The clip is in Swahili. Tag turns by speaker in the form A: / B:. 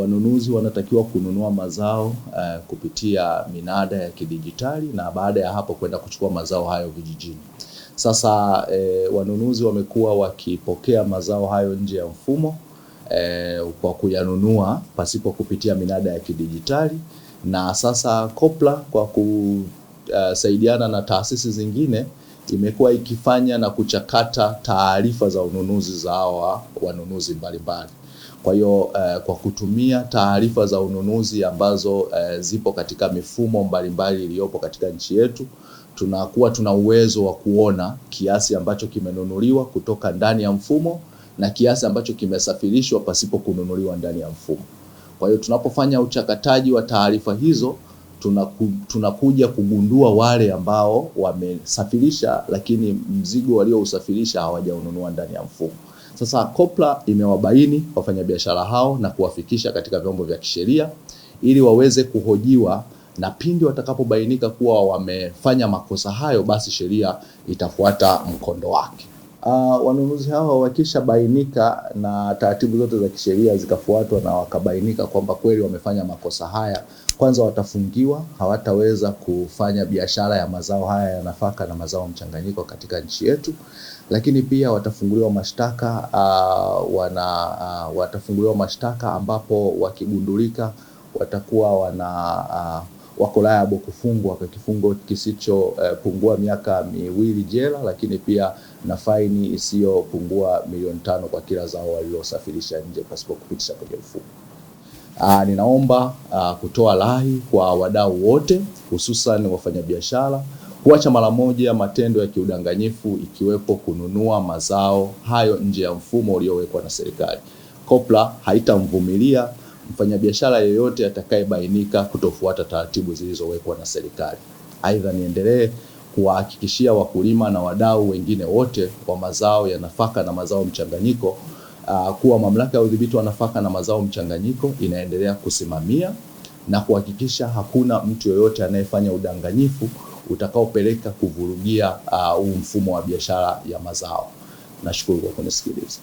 A: Wanunuzi wanatakiwa kununua mazao uh, kupitia minada ya kidijitali na baada ya hapo kwenda kuchukua mazao hayo vijijini. Sasa eh, wanunuzi wamekuwa wakipokea mazao hayo nje ya mfumo eh, kwa kuyanunua pasipo kupitia minada ya kidijitali na sasa COPRA kwa kusaidiana eh, na taasisi zingine imekuwa ikifanya na kuchakata taarifa za ununuzi za hawa wanunuzi mbalimbali. Kwa hiyo uh, kwa kutumia taarifa za ununuzi ambazo uh, zipo katika mifumo mbalimbali iliyopo katika nchi yetu, tunakuwa tuna uwezo wa kuona kiasi ambacho kimenunuliwa kutoka ndani ya mfumo na kiasi ambacho kimesafirishwa pasipo kununuliwa ndani ya mfumo. Kwa hiyo tunapofanya uchakataji wa taarifa hizo tunaku, tunakuja kugundua wale ambao wamesafirisha lakini mzigo waliousafirisha hawajaununua ndani ya mfumo. Sasa COPRA imewabaini wafanyabiashara hao na kuwafikisha katika vyombo vya kisheria ili waweze kuhojiwa na pindi watakapobainika kuwa wamefanya makosa hayo, basi sheria itafuata mkondo wake. Uh, wanunuzi hawa wakishabainika na taratibu zote za kisheria zikafuatwa na wakabainika kwamba kweli wamefanya makosa haya, kwanza watafungiwa, hawataweza kufanya biashara ya mazao haya ya nafaka na mazao mchanganyiko katika nchi yetu, lakini pia watafunguliwa mashtaka uh, wana uh, watafunguliwa mashtaka ambapo wakigundulika watakuwa wana uh, wako liable kufungwa kwa kifungo kisichopungua eh, uh, miaka miwili jela, lakini pia na faini isiyopungua milioni tano kwa kila zao walilosafirisha nje pasipo kupitisha kwenye mfuko. Uh, ninaomba uh, kutoa rai kwa wadau wote hususan wafanyabiashara kuacha mara moja matendo ya kiudanganyifu ikiwepo kununua mazao hayo nje ya mfumo uliowekwa na serikali. COPRA haitamvumilia mfanyabiashara yeyote atakayebainika kutofuata taratibu zilizowekwa na serikali. Aidha, niendelee kuwahakikishia wakulima na wadau wengine wote wa mazao ya nafaka na mazao mchanganyiko uh, kuwa Mamlaka ya Udhibiti wa Nafaka na Mazao Mchanganyiko inaendelea kusimamia na kuhakikisha hakuna mtu yoyote anayefanya udanganyifu utakaopeleka kuvurugia ah, huu uh, mfumo wa biashara ya mazao. Nashukuru kwa kunisikiliza.